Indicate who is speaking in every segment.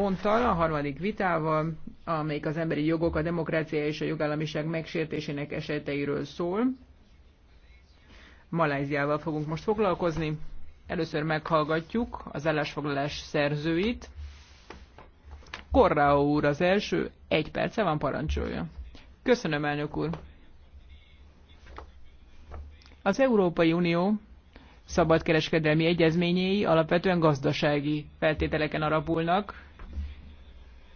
Speaker 1: ponttal, a harmadik vitával, amelyik az emberi jogok, a demokrácia és a jogállamiság megsértésének eseteiről szól. Malajziával fogunk most foglalkozni. Először meghallgatjuk az állásfoglalás szerzőit. Korrao úr az első, egy perce van parancsolja. Köszönöm, elnök úr. Az Európai Unió szabadkereskedelmi egyezményei alapvetően gazdasági feltételeken alapulnak,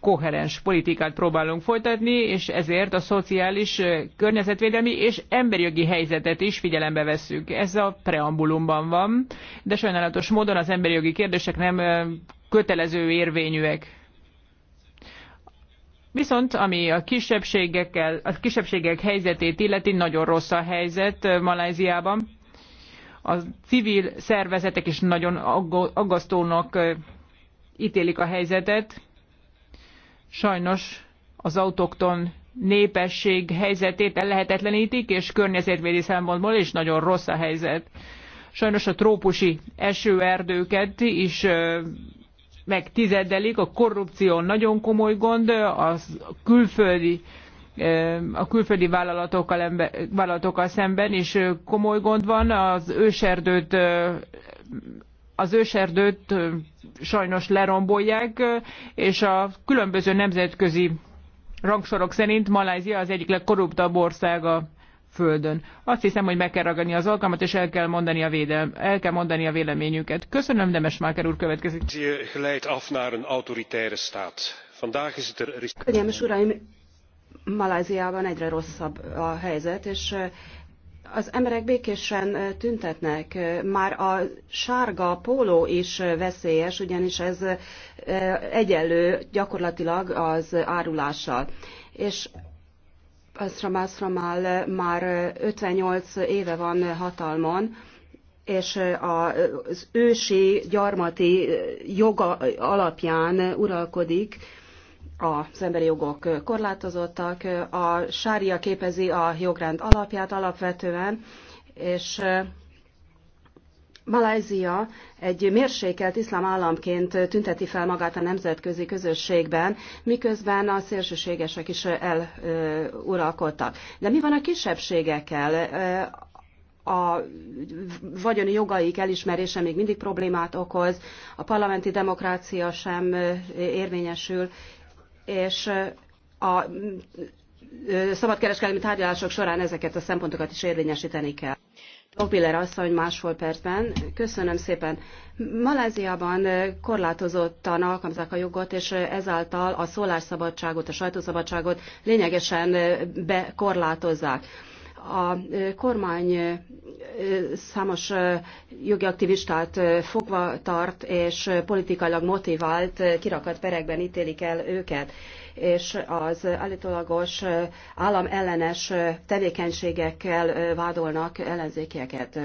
Speaker 1: koherens politikát próbálunk folytatni, és ezért a szociális, környezetvédelmi és emberi jogi helyzetet is figyelembe vesszük. Ez a preambulumban van, de sajnálatos módon az emberi jogi kérdések nem kötelező érvényűek. Viszont ami a kisebbségekkel, a kisebbségek helyzetét illeti, nagyon rossz a helyzet Maláziában. A civil szervezetek is nagyon aggasztónak ítélik a helyzetet sajnos az autokton népesség helyzetét ellehetetlenítik, és környezetvédi szempontból is nagyon rossz a helyzet. Sajnos a trópusi esőerdőket is megtizedelik, a korrupció nagyon komoly gond, a külföldi a külföldi vállalatokkal, ember, vállalatokkal szemben is komoly gond van, az őserdőt az őserdőt sajnos lerombolják, és a különböző nemzetközi rangsorok szerint Malázia az egyik legkorruptabb ország a Földön. Azt hiszem, hogy meg kell ragadni az alkalmat, és el kell mondani a, védelm, el kell mondani a véleményüket. Köszönöm, Demes Máker úr következik.
Speaker 2: geleid is er-
Speaker 3: er uraim, Maláziában egyre rosszabb a helyzet, és az emberek békésen tüntetnek. Már a sárga póló is veszélyes, ugyanis ez egyenlő gyakorlatilag az árulással. És Özram Özramal már 58 éve van hatalmon, és az ősi gyarmati joga alapján uralkodik, az emberi jogok korlátozottak, a sária képezi a jogrend alapját alapvetően, és Malajzia egy mérsékelt iszlám államként tünteti fel magát a nemzetközi közösségben, miközben a szélsőségesek is eluralkodtak. De mi van a kisebbségekkel? A vagyoni jogaik elismerése még mindig problémát okoz, a parlamenti demokrácia sem érvényesül, és a szabadkereskedelmi tárgyalások során ezeket a szempontokat is érvényesíteni kell. Lockbiller asszony másfél percben. Köszönöm szépen. Maláziában korlátozottan alkalmazzák a jogot, és ezáltal a szólásszabadságot, a sajtószabadságot lényegesen bekorlátozzák a kormány számos jogi aktivistát fogva tart, és politikailag motivált kirakat perekben ítélik el őket, és az állítólagos államellenes tevékenységekkel vádolnak ellenzékieket.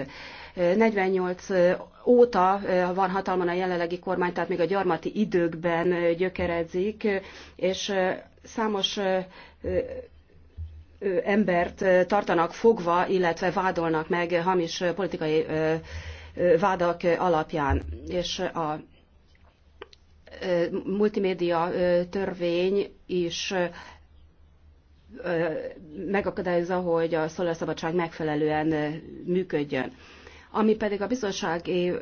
Speaker 3: 48 óta van hatalmon a jelenlegi kormány, tehát még a gyarmati időkben gyökerezik, és számos embert tartanak fogva, illetve vádolnak meg hamis politikai vádak alapján. És a multimédia törvény is megakadályozza, hogy a szólásszabadság megfelelően működjön. Ami pedig a bizottsági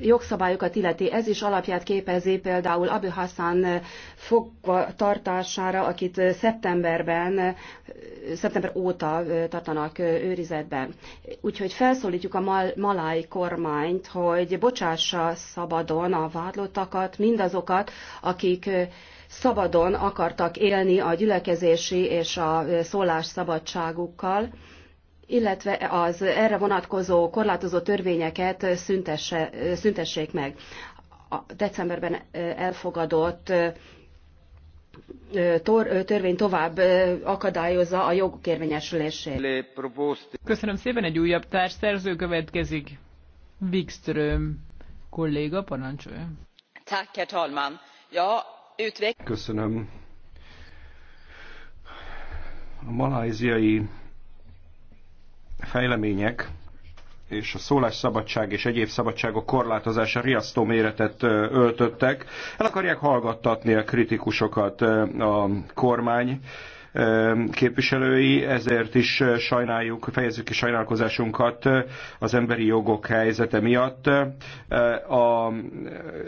Speaker 3: jogszabályokat illeti, ez is alapját képezi például Abu Hassan fogtartására, akit szeptemberben, szeptember óta tartanak őrizetben. Úgyhogy felszólítjuk a mal maláj kormányt, hogy bocsássa szabadon a vádlottakat, mindazokat, akik szabadon akartak élni a gyülekezési és a szólásszabadságukkal, illetve az erre vonatkozó korlátozó törvényeket szüntesse, szüntessék meg. A decemberben elfogadott törvény tovább akadályozza a jogok érvényesülését.
Speaker 1: Köszönöm szépen, egy újabb társszerző következik. Wikström kolléga, parancsolja.
Speaker 2: Köszönöm. A malajziai fejlemények és a szólásszabadság és egyéb szabadságok korlátozása riasztó méretet öltöttek. El akarják hallgattatni a kritikusokat a kormány képviselői, ezért is sajnáljuk, fejezzük ki sajnálkozásunkat az emberi jogok helyzete miatt. A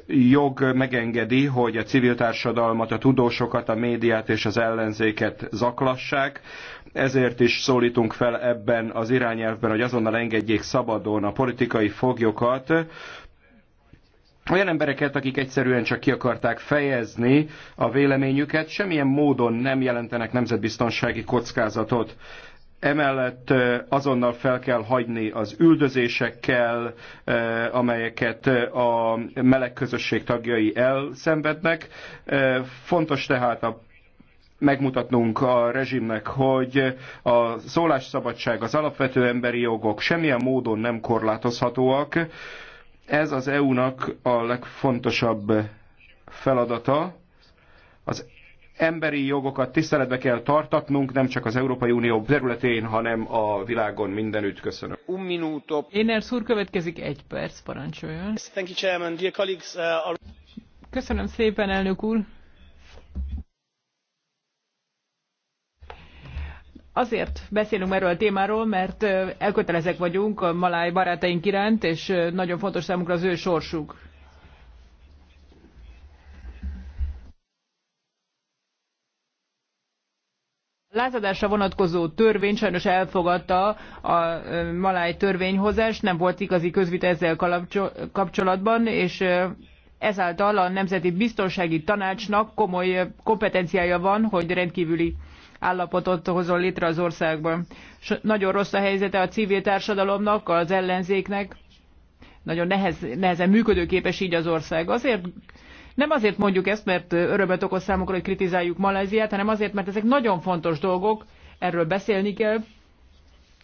Speaker 2: jog megengedi, hogy a civil társadalmat, a tudósokat, a médiát és az ellenzéket zaklassák. Ezért is szólítunk fel ebben az irányelvben, hogy azonnal engedjék szabadon a politikai foglyokat, olyan embereket, akik egyszerűen csak ki akarták fejezni a véleményüket, semmilyen módon nem jelentenek nemzetbiztonsági kockázatot. Emellett azonnal fel kell hagyni az üldözésekkel, amelyeket a meleg közösség tagjai elszenvednek. Fontos tehát a megmutatnunk a rezsimnek, hogy a szólásszabadság, az alapvető emberi jogok semmilyen módon nem korlátozhatóak. Ez az EU-nak a legfontosabb feladata. Az emberi jogokat tiszteletbe kell tartatnunk, nem csak az Európai Unió területén, hanem a világon mindenütt. Köszönöm.
Speaker 1: Un minuto. Éners szúr, következik egy perc, parancsoljon.
Speaker 3: Uh,
Speaker 1: Köszönöm szépen, elnök úr. azért beszélünk erről a témáról, mert elkötelezek vagyunk a maláj barátaink iránt, és nagyon fontos számunkra az ő sorsuk. lázadásra vonatkozó törvény sajnos elfogadta a maláj törvényhozást, nem volt igazi közvita ezzel kapcsolatban, és ezáltal a Nemzeti Biztonsági Tanácsnak komoly kompetenciája van, hogy rendkívüli állapotot hozol létre az országban. S nagyon rossz a helyzete a civil társadalomnak, az ellenzéknek. Nagyon nehez, nehezen működőképes így az ország. Azért nem azért mondjuk ezt, mert örömet okoz számukra, hogy kritizáljuk Maláziát, hanem azért, mert ezek nagyon fontos dolgok, erről beszélni kell,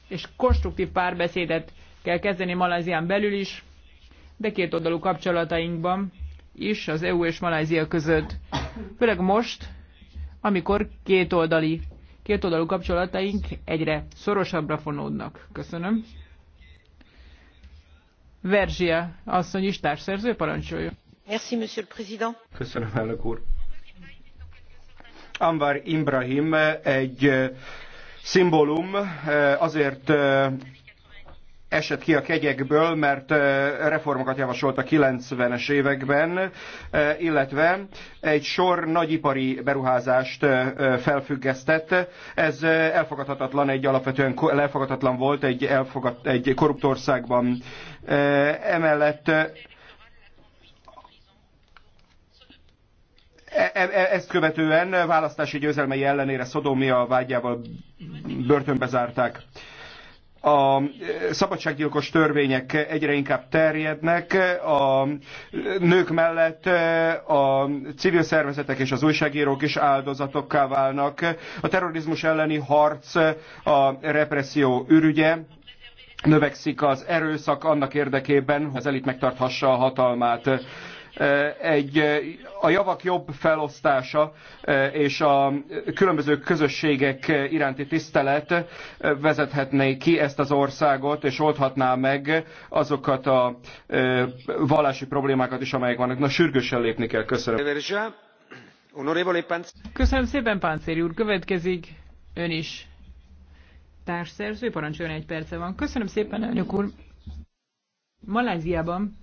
Speaker 1: és konstruktív párbeszédet kell kezdeni Malázián belül is, de két oldalú kapcsolatainkban is az EU és Malázia között. Főleg most, amikor kétoldali, kétoldalú kapcsolataink egyre szorosabbra fonódnak. Köszönöm. Verzsia asszony is társszerző, parancsolja. Merci, monsieur le président.
Speaker 2: Köszönöm, elnök úr. Anwar Ibrahim egy szimbólum, azért esett ki a kegyekből, mert reformokat javasolt a 90-es években, illetve egy sor nagyipari beruházást felfüggesztett. Ez elfogadhatatlan, egy alapvetően elfogadhatatlan volt egy, elfogad, egy korrupt országban. Emellett e, e, e, ezt követően választási győzelmei ellenére Szodomia vágyával börtönbe zárták a e, szabadsággyilkos törvények egyre inkább terjednek, a nők mellett e, a civil szervezetek és az újságírók is áldozatokká válnak. A terrorizmus elleni harc a represszió ürügye, növekszik az erőszak annak érdekében, hogy az elit megtarthassa a hatalmát Eh, egy, eh, a javak jobb felosztása eh, és a különböző közösségek iránti tisztelet vezethetné ki ezt az országot, és oldhatná meg azokat a vallási problémákat is, amelyek vannak. Na, sürgősen lépni kell. Köszönöm.
Speaker 1: Köszönöm szépen, Páncéri úr. Következik ön is. Társszerző, parancsoljon egy perce van. Köszönöm szépen, elnök úr. Maláziában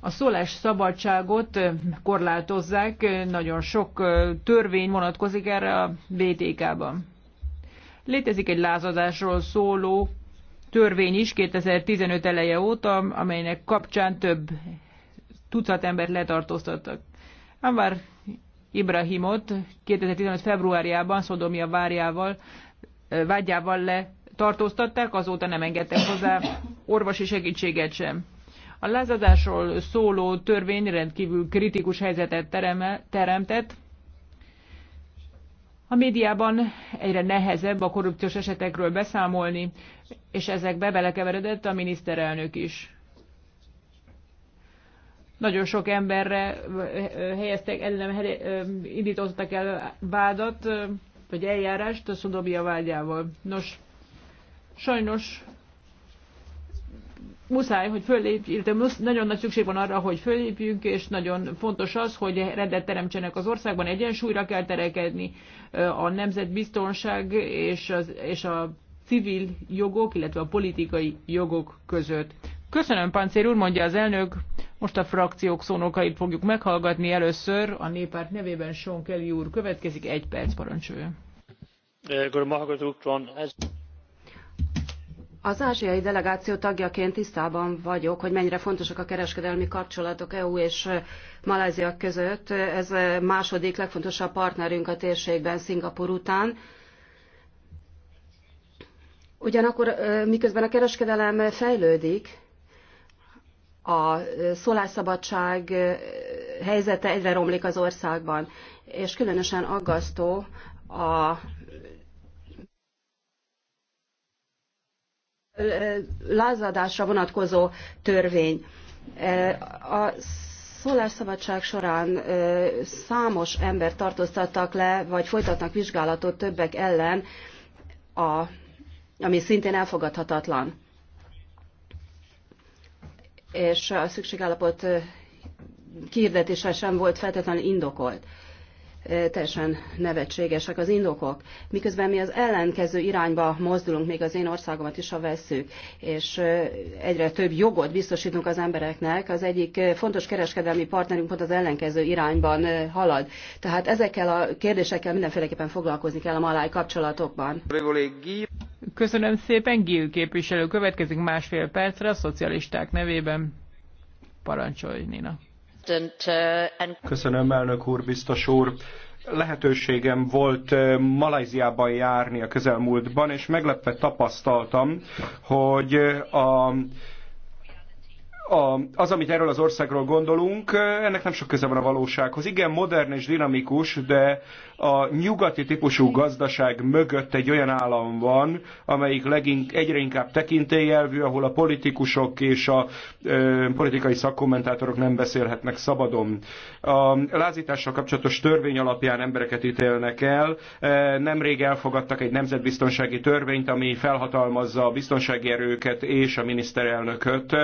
Speaker 1: a szólás szabadságot korlátozzák, nagyon sok törvény vonatkozik erre a BTK-ban. Létezik egy lázadásról szóló törvény is 2015 eleje óta, amelynek kapcsán több tucat embert letartóztattak. Ambar Ibrahimot 2015 februárjában Szodomia várjával, vágyával letartóztatták, azóta nem engedtek hozzá orvosi segítséget sem. A lázadásról szóló törvény rendkívül kritikus helyzetet teremtett. A médiában egyre nehezebb a korrupciós esetekről beszámolni, és ezekbe belekeveredett a miniszterelnök is nagyon sok emberre helyeztek, ellenem indítottak el vádat, vagy eljárást a szodobia vágyával. Nos, sajnos muszáj, hogy fölépjünk, de nagyon nagy szükség van arra, hogy fölépjünk, és nagyon fontos az, hogy rendet teremtsenek az országban, egyensúlyra kell terekedni a nemzetbiztonság és, az, és a civil jogok, illetve a politikai jogok között. Köszönöm, Pancér úr, mondja az elnök. Most a frakciók szónokait fogjuk meghallgatni. Először a néppárt nevében Sean Kelly úr következik. Egy perc parancsolja.
Speaker 3: Az ázsiai delegáció tagjaként tisztában vagyok, hogy mennyire fontosak a kereskedelmi kapcsolatok EU és Malázia között. Ez második legfontosabb partnerünk a térségben Szingapur után. Ugyanakkor miközben a kereskedelem fejlődik, a szólásszabadság helyzete egyre romlik az országban, és különösen aggasztó a lázadásra vonatkozó törvény. E, a szólásszabadság során e, számos ember tartóztattak le, vagy folytatnak vizsgálatot többek ellen, a, ami szintén elfogadhatatlan. És a szükségállapot e, kiirdetése sem volt feltétlenül indokolt teljesen nevetségesek az indokok. Miközben mi az ellenkező irányba mozdulunk, még az én országomat is, a vesszük, és egyre több jogot biztosítunk az embereknek, az egyik fontos kereskedelmi partnerünk pont az ellenkező irányban halad. Tehát ezekkel a kérdésekkel mindenféleképpen foglalkozni kell a maláj kapcsolatokban.
Speaker 1: Köszönöm szépen, Gil képviselő. Következik másfél percre a szocialisták nevében. Parancsolj, Nina.
Speaker 4: Uh,
Speaker 2: Köszönöm, elnök úr, biztos úr lehetőségem volt uh, Malajziában járni a közelmúltban, és meglepve tapasztaltam, hogy uh, a a, az, amit erről az országról gondolunk, ennek nem sok köze van a valósághoz. Igen, modern és dinamikus, de a nyugati típusú gazdaság mögött egy olyan állam van, amelyik legink, egyre inkább tekintélyelvű, ahol a politikusok és a ö, politikai szakkommentátorok nem beszélhetnek szabadon. A lázítással kapcsolatos törvény alapján embereket ítélnek el. Nemrég elfogadtak egy nemzetbiztonsági törvényt, ami felhatalmazza a biztonsági erőket és a miniszterelnököt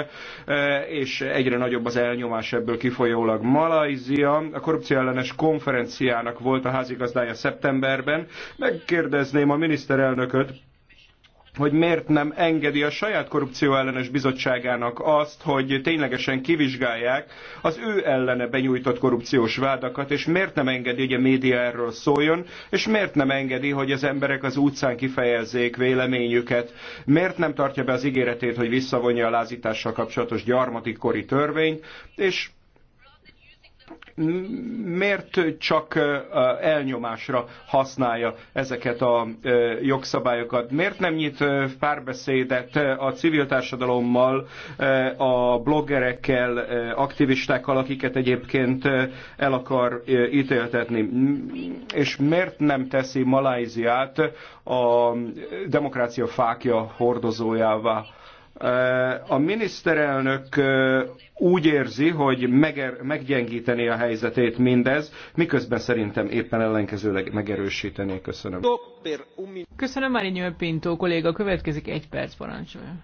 Speaker 2: és egyre nagyobb az elnyomás ebből kifolyólag. Malajzia a korrupció ellenes konferenciának volt a házigazdája szeptemberben. Megkérdezném a miniszterelnököt, hogy miért nem engedi a saját korrupció ellenes bizottságának azt, hogy ténylegesen kivizsgálják az ő ellene benyújtott korrupciós vádakat, és miért nem engedi, hogy a média erről szóljon, és miért nem engedi, hogy az emberek az utcán kifejezzék véleményüket, miért nem tartja be az ígéretét, hogy visszavonja a lázítással kapcsolatos gyarmatikori törvényt, és miért csak elnyomásra használja ezeket a jogszabályokat? Miért nem nyit párbeszédet a civil társadalommal, a bloggerekkel, aktivistákkal, akiket egyébként el akar ítéltetni? És miért nem teszi Malajziát a demokrácia fákja hordozójává? A miniszterelnök úgy érzi, hogy meger, meggyengíteni a helyzetét mindez, miközben szerintem éppen ellenkezőleg megerősíteni. Köszönöm.
Speaker 1: Köszönöm, Márinyő Pintó kolléga. Következik egy perc parancsolja.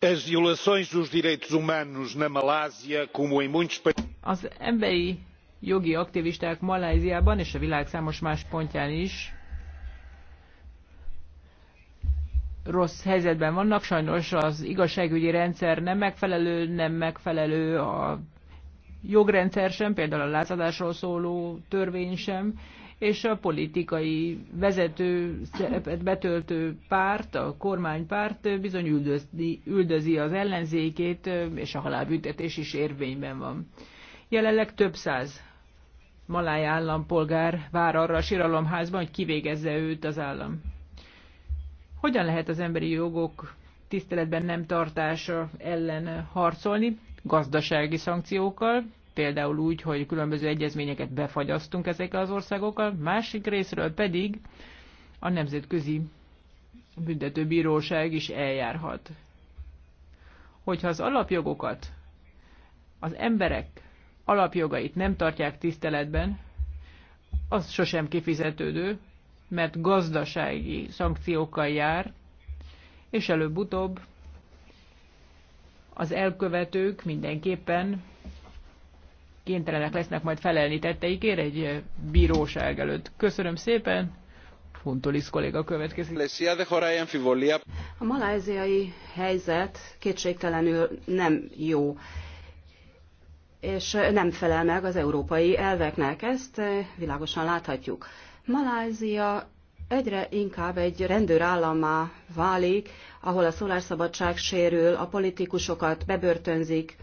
Speaker 4: As violações dos direitos humanos na Malásia, como em muitos
Speaker 1: Az emberi jogi aktivisták Maláziában és a világ számos más pontján is rossz helyzetben vannak, sajnos az igazságügyi rendszer nem megfelelő, nem megfelelő a jogrendszer sem, például a lázadásról szóló törvény sem, és a politikai vezető szerepet betöltő párt, a kormánypárt bizony üldözi, üldözi az ellenzékét, és a halálbüntetés is érvényben van. Jelenleg több száz maláj állampolgár vár arra a síralomházban, hogy kivégezze őt az állam. Hogyan lehet az emberi jogok tiszteletben nem tartása ellen harcolni? Gazdasági szankciókkal, például úgy, hogy különböző egyezményeket befagyasztunk ezekkel az országokkal, másik részről pedig a Nemzetközi Büntetőbíróság is eljárhat. Hogyha az alapjogokat, az emberek alapjogait nem tartják tiszteletben, az sosem kifizetődő, mert gazdasági szankciókkal jár, és előbb-utóbb az elkövetők mindenképpen kénytelenek lesznek majd felelni tetteikért egy bíróság előtt. Köszönöm szépen! Huntulis kolléga következik.
Speaker 3: A maláziai helyzet kétségtelenül nem jó, és nem felel meg az európai elveknek. Ezt világosan láthatjuk. Malázia egyre inkább egy rendőrállamá válik, ahol a szólásszabadság sérül, a politikusokat bebörtönzik,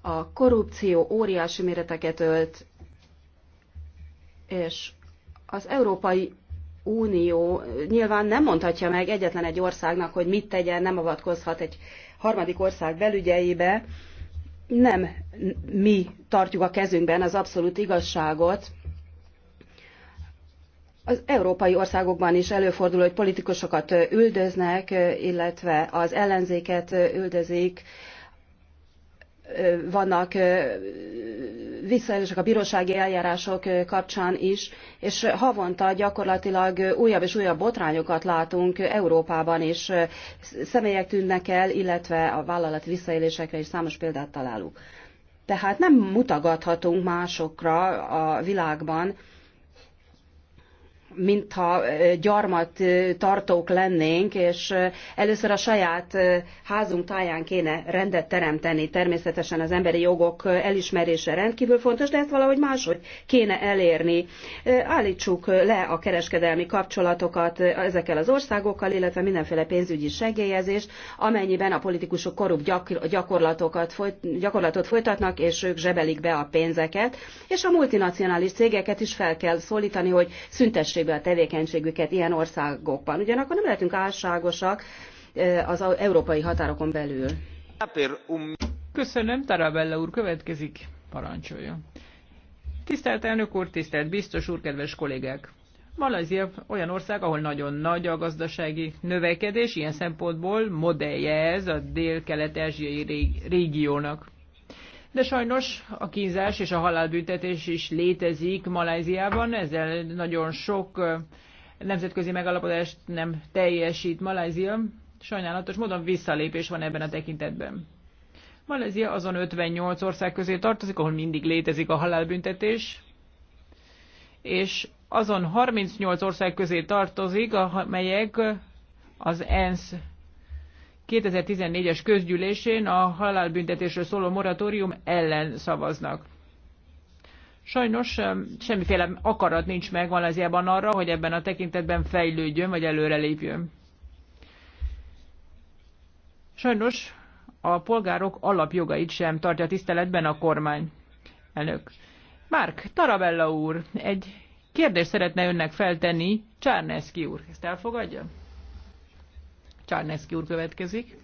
Speaker 3: a korrupció óriási méreteket ölt, és az Európai Unió nyilván nem mondhatja meg egyetlen egy országnak, hogy mit tegyen, nem avatkozhat egy harmadik ország belügyeibe. Nem mi tartjuk a kezünkben az abszolút igazságot, az európai országokban is előfordul, hogy politikusokat üldöznek, illetve az ellenzéket üldözik, vannak visszaélések a bírósági eljárások kapcsán is, és havonta gyakorlatilag újabb és újabb botrányokat látunk Európában, is, személyek tűnnek el, illetve a vállalati visszaélésekre is számos példát találunk. Tehát nem mutagathatunk másokra a világban, mintha gyarmat tartók lennénk, és először a saját házunk táján kéne rendet teremteni. Természetesen az emberi jogok elismerése rendkívül fontos, de ezt valahogy máshogy kéne elérni. Állítsuk le a kereskedelmi kapcsolatokat ezekkel az országokkal, illetve mindenféle pénzügyi segélyezést, amennyiben a politikusok korrupt gyakorlatokat, gyakorlatot folytatnak, és ők zsebelik be a pénzeket, és a multinacionális cégeket is fel kell szólítani, hogy szüntessék mértékben a tevékenységüket ilyen országokban. Ugyanakkor nem lehetünk álságosak eh, az európai határokon belül.
Speaker 1: Köszönöm, Tarabella úr, következik, parancsolja. Tisztelt elnök úr, tisztelt biztos úr, kedves kollégák! Malajzia olyan ország, ahol nagyon nagy a gazdasági növekedés, ilyen szempontból modellje ez a dél-kelet-ázsiai régiónak. De sajnos a kínzás és a halálbüntetés is létezik Malajziában, ezzel nagyon sok nemzetközi megállapodást nem teljesít Malajzia. Sajnálatos módon visszalépés van ebben a tekintetben. Malajzia azon 58 ország közé tartozik, ahol mindig létezik a halálbüntetés, és azon 38 ország közé tartozik, amelyek az ENSZ 2014-es közgyűlésén a halálbüntetésről szóló moratórium ellen szavaznak. Sajnos semmiféle akarat nincs meg Malajziában arra, hogy ebben a tekintetben fejlődjön vagy előrelépjön. Sajnos a polgárok alapjogait sem tartja tiszteletben a kormány. Elnök. Márk, Tarabella úr, egy kérdést szeretne önnek feltenni Csárneszki úr. Ezt elfogadja? Csárneszki úr következik.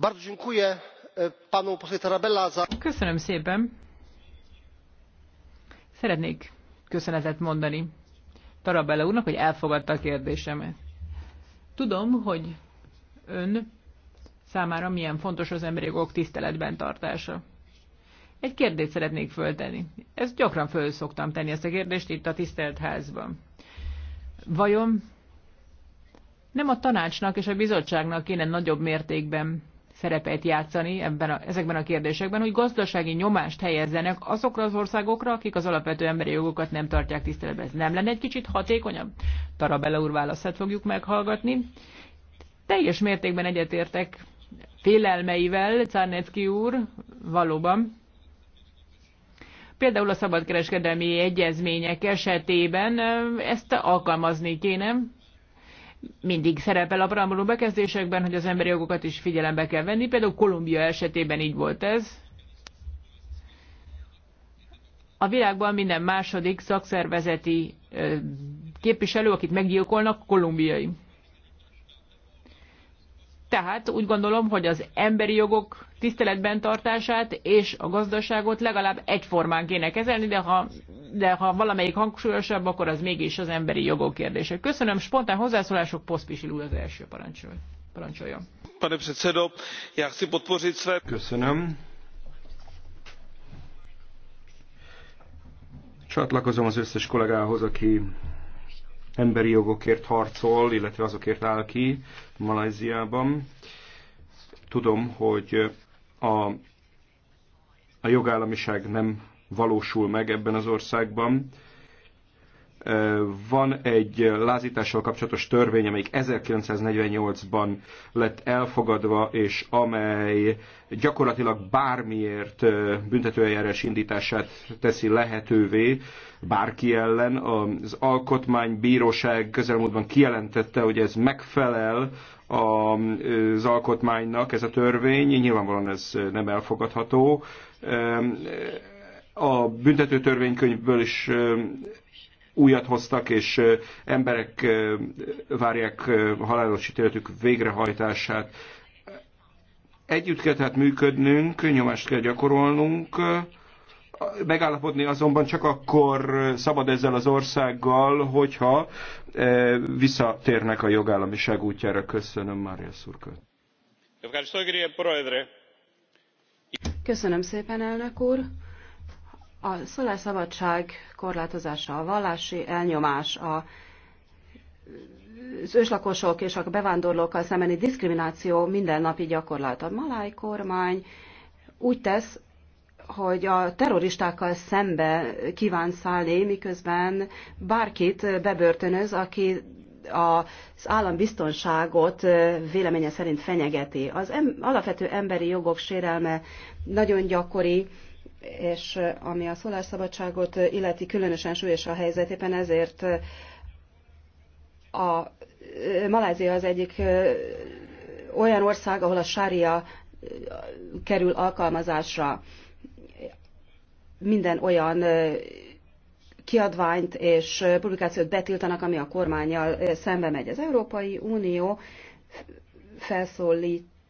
Speaker 1: Bardzo dziękuję e, panu
Speaker 3: posłowi Tarabella
Speaker 1: za... Köszönöm szépen. Szeretnék köszönetet mondani Tarabella úrnak, hogy elfogadta a kérdésemet. Tudom, hogy ön számára milyen fontos az emberi jogok tiszteletben tartása. Egy kérdést szeretnék föltenni. Ezt gyakran föl szoktam tenni, ezt a kérdést itt a tisztelt házban. Vajon nem a tanácsnak és a bizottságnak kéne nagyobb mértékben szerepet játszani ebben a, ezekben a kérdésekben, hogy gazdasági nyomást helyezzenek azokra az országokra, akik az alapvető emberi jogokat nem tartják tiszteletben. Ez nem lenne egy kicsit hatékonyabb? Tarabella úr válaszát fogjuk meghallgatni. Teljes mértékben egyetértek félelmeivel, Czarnecki úr, valóban Például a szabadkereskedelmi egyezmények esetében ezt alkalmazni kéne. Mindig szerepel a parámoló bekezdésekben, hogy az emberi jogokat is figyelembe kell venni. Például Kolumbia esetében így volt ez. A világban minden második szakszervezeti képviselő, akit meggyilkolnak, kolumbiai. Tehát úgy gondolom, hogy az emberi jogok tiszteletben tartását és a gazdaságot legalább egyformán kéne kezelni, de ha, de ha valamelyik hangsúlyosabb, akkor az mégis az emberi jogok kérdése. Köszönöm, spontán hozzászólások, Poszpisil úr az első parancsol. parancsoljon.
Speaker 2: Köszönöm. Csatlakozom az összes kollégához, aki emberi jogokért harcol, illetve azokért áll ki Malajziában. Tudom, hogy a, a jogállamiság nem valósul meg ebben az országban, van egy lázítással kapcsolatos törvény, amelyik 1948-ban lett elfogadva, és amely gyakorlatilag bármiért büntetőeljárás indítását teszi lehetővé bárki ellen. Az alkotmánybíróság közelmúltban kijelentette, hogy ez megfelel az alkotmánynak ez a törvény, nyilvánvalóan ez nem elfogadható. A büntető törvénykönyvből is újat hoztak, és emberek várják halálos ítéletük végrehajtását. Együtt kell tehát működnünk, nyomást kell gyakorolnunk, megállapodni azonban csak akkor szabad ezzel az országgal, hogyha visszatérnek a jogállamiság útjára. Köszönöm, Mária Szurka.
Speaker 3: Köszönöm szépen, elnök úr. A szólásszabadság korlátozása, a vallási elnyomás, a, az őslakosok és a bevándorlókkal szembeni diszkrimináció mindennapi gyakorlat. A maláj kormány úgy tesz, hogy a terroristákkal szembe kíván szállni, miközben bárkit bebörtönöz, aki az állambiztonságot véleménye szerint fenyegeti. Az em, alapvető emberi jogok sérelme nagyon gyakori, és eh, ami a szólásszabadságot illeti különösen súlyos a helyzet, éppen ezért eh, a eh, Malázia az egyik olyan ország, ahol a sária kerül alkalmazásra. Minden olyan kiadványt és publikációt betiltanak, ami a kormányjal szembe megy. Az Európai Unió felszólít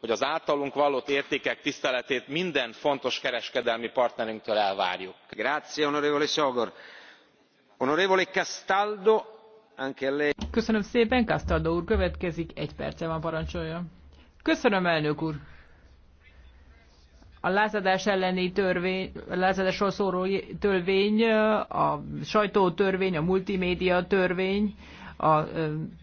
Speaker 4: hogy az általunk vallott értékek tiszteletét minden fontos kereskedelmi partnerünktől elvárjuk.
Speaker 1: köszönöm szépen castaldo úr következik egy van köszönöm elnök úr! a lázadás elleni törvény, a lázadásról szóló törvény, a sajtótörvény, a multimédia törvény, a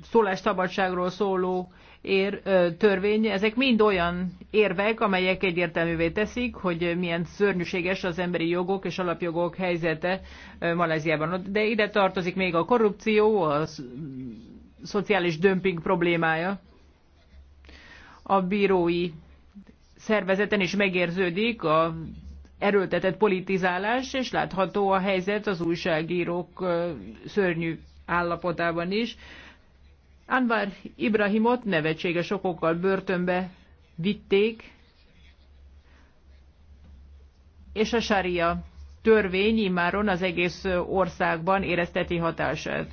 Speaker 1: szólásszabadságról szóló ér, törvény, ezek mind olyan érvek, amelyek egyértelművé teszik, hogy milyen szörnyűséges az emberi jogok és alapjogok helyzete Maleziában. De ide tartozik még a korrupció, a szociális dömping problémája. A bírói szervezeten is megérződik a erőltetett politizálás, és látható a helyzet az újságírók szörnyű állapotában is. Anwar Ibrahimot nevetséges okokkal börtönbe vitték, és a sária törvény immáron az egész országban érezteti hatását.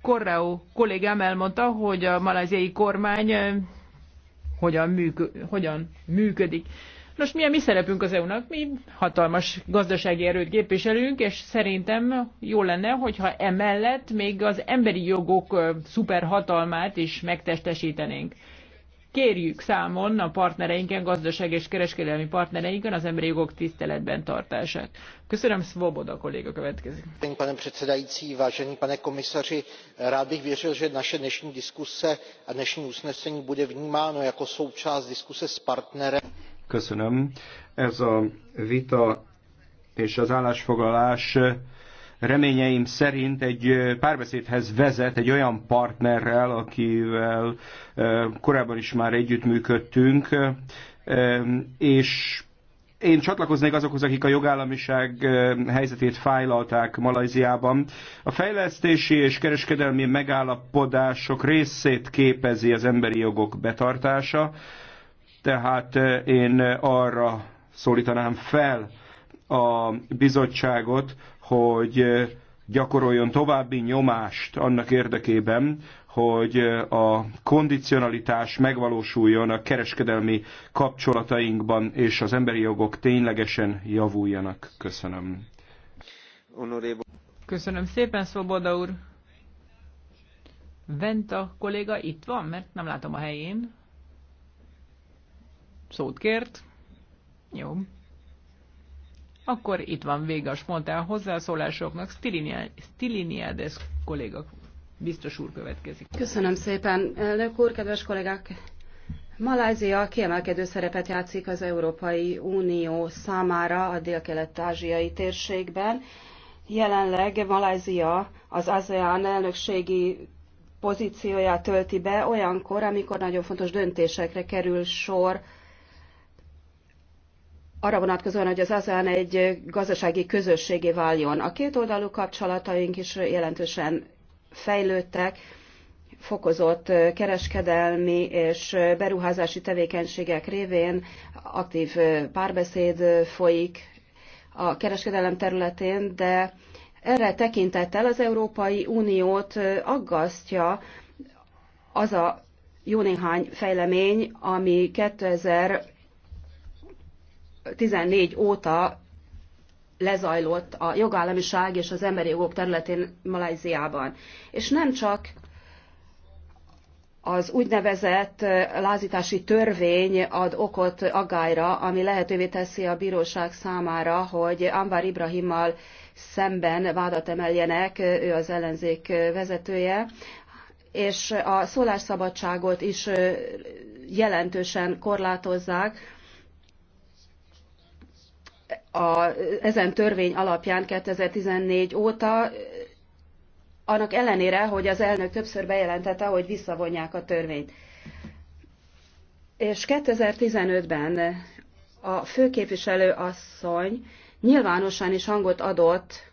Speaker 1: Korrao kollégám elmondta, hogy a malajziai kormány eh, hogyan, működ, hogyan működik. Nos, mi a mi szerepünk az EU-nak? Mi hatalmas gazdasági erőt képviselünk, és szerintem jó lenne, hogyha emellett még az emberi jogok szuperhatalmát is megtestesítenénk. Kérjük számon a partnereinken, gazdaság és kereskedelmi partnereinken az emberi jogok tiszteletben tartását. Köszönöm, Svoboda kolléga következik.
Speaker 4: Pane předsedající, vážený pane komisaři, rád bych věřil, že naše dnešní diskuse a dnešní usnesení bude vnímáno jako součást diskuse s partnerem.
Speaker 2: Köszönöm. Ez a vita és az állásfoglalás reményeim szerint egy párbeszédhez vezet egy olyan partnerrel, akivel eh, korábban is már együttműködtünk, eh, és én csatlakoznék azokhoz, akik a jogállamiság eh, helyzetét fájlalták Malajziában. A fejlesztési és kereskedelmi megállapodások részét képezi az emberi jogok betartása, tehát eh, én eh, arra szólítanám fel a bizottságot, hogy eh, gyakoroljon további nyomást annak érdekében, hogy a kondicionalitás megvalósuljon a kereskedelmi kapcsolatainkban, és az emberi jogok ténylegesen javuljanak. Köszönöm.
Speaker 1: Köszönöm szépen, Szoboda úr. Venta kolléga itt van, mert nem látom a helyén szót kért. Jó. Akkor itt van vége a spontán hozzászólásoknak. Stiliniades kollégak, biztos úr következik. Köszönöm szépen,
Speaker 3: elnök úr, kedves kollégák! Malázia kiemelkedő szerepet játszik az Európai Unió számára a dél-kelet-ázsiai térségben. Jelenleg Malázia az ASEAN elnökségi pozícióját tölti be olyankor, amikor nagyon fontos döntésekre kerül sor arra vonatkozóan, hogy az ASEAN egy gazdasági közösségé váljon. A két oldalú kapcsolataink is jelentősen fejlődtek, fokozott kereskedelmi és beruházási tevékenységek révén aktív párbeszéd folyik a kereskedelem területén, de erre tekintettel az Európai Uniót aggasztja az a jó néhány fejlemény, ami 2000 2014 óta lezajlott a jogállamiság és az emberi jogok területén Malajziában. És nem csak az úgynevezett lázítási törvény ad okot aggályra, ami lehetővé teszi a bíróság számára, hogy Ambar Ibrahimmal szemben vádat emeljenek, ő az ellenzék vezetője, és a szólásszabadságot is jelentősen korlátozzák, a, ezen törvény alapján 2014 óta, annak ellenére, hogy az elnök többször bejelentette, hogy visszavonják a törvényt. És 2015-ben a főképviselő asszony nyilvánosan is hangot adott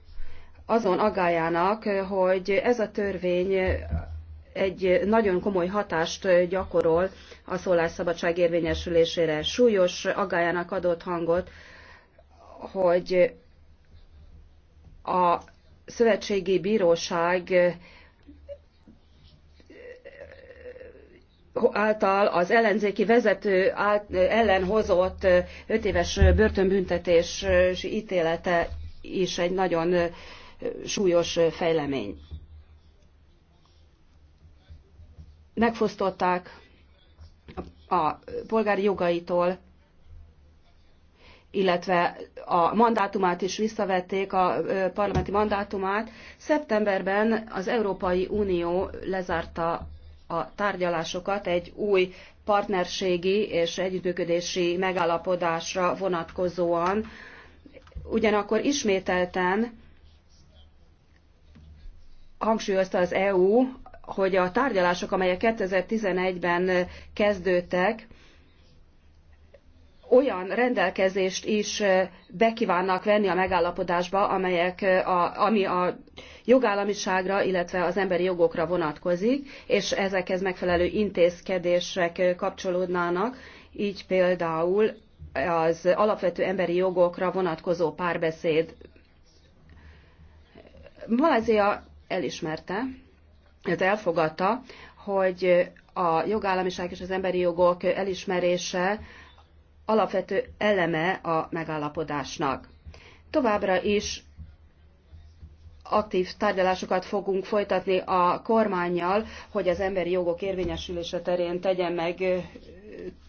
Speaker 3: azon aggájának, hogy ez a törvény egy nagyon komoly hatást gyakorol a szólásszabadság érvényesülésére. Súlyos aggájának adott hangot hogy a szövetségi bíróság által az ellenzéki vezető ellen hozott öt éves börtönbüntetés ítélete is egy nagyon súlyos fejlemény. Megfosztották a polgári jogaitól, illetve a mandátumát is visszavették, a parlamenti mandátumát. Szeptemberben az Európai Unió lezárta a tárgyalásokat egy új partnerségi és együttműködési megállapodásra vonatkozóan. Ugyanakkor ismételten hangsúlyozta az EU, hogy a tárgyalások, amelyek 2011-ben kezdődtek, olyan rendelkezést is bekívánnak venni a megállapodásba, amelyek a, ami a jogállamiságra, illetve az emberi jogokra vonatkozik, és ezekhez megfelelő intézkedések kapcsolódnának, így például az alapvető emberi jogokra vonatkozó párbeszéd. Malázia elismerte, elfogadta, hogy a jogállamiság és az emberi jogok elismerése alapvető eleme a megállapodásnak. Továbbra is aktív tárgyalásokat fogunk folytatni a kormányjal, hogy az emberi jogok érvényesülése terén tegyen meg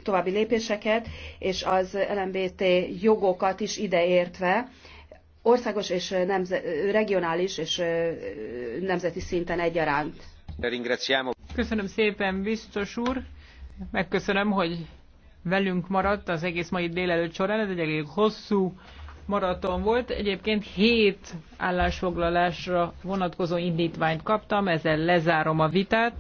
Speaker 3: további lépéseket, és az LMBT jogokat is ideértve országos és nemze- regionális és nemzeti szinten egyaránt.
Speaker 1: Köszönöm szépen, biztos úr! Megköszönöm, hogy velünk maradt az egész mai délelőtt során. Ez egy elég hosszú maraton volt. Egyébként hét állásfoglalásra vonatkozó indítványt kaptam, ezzel lezárom a vitát.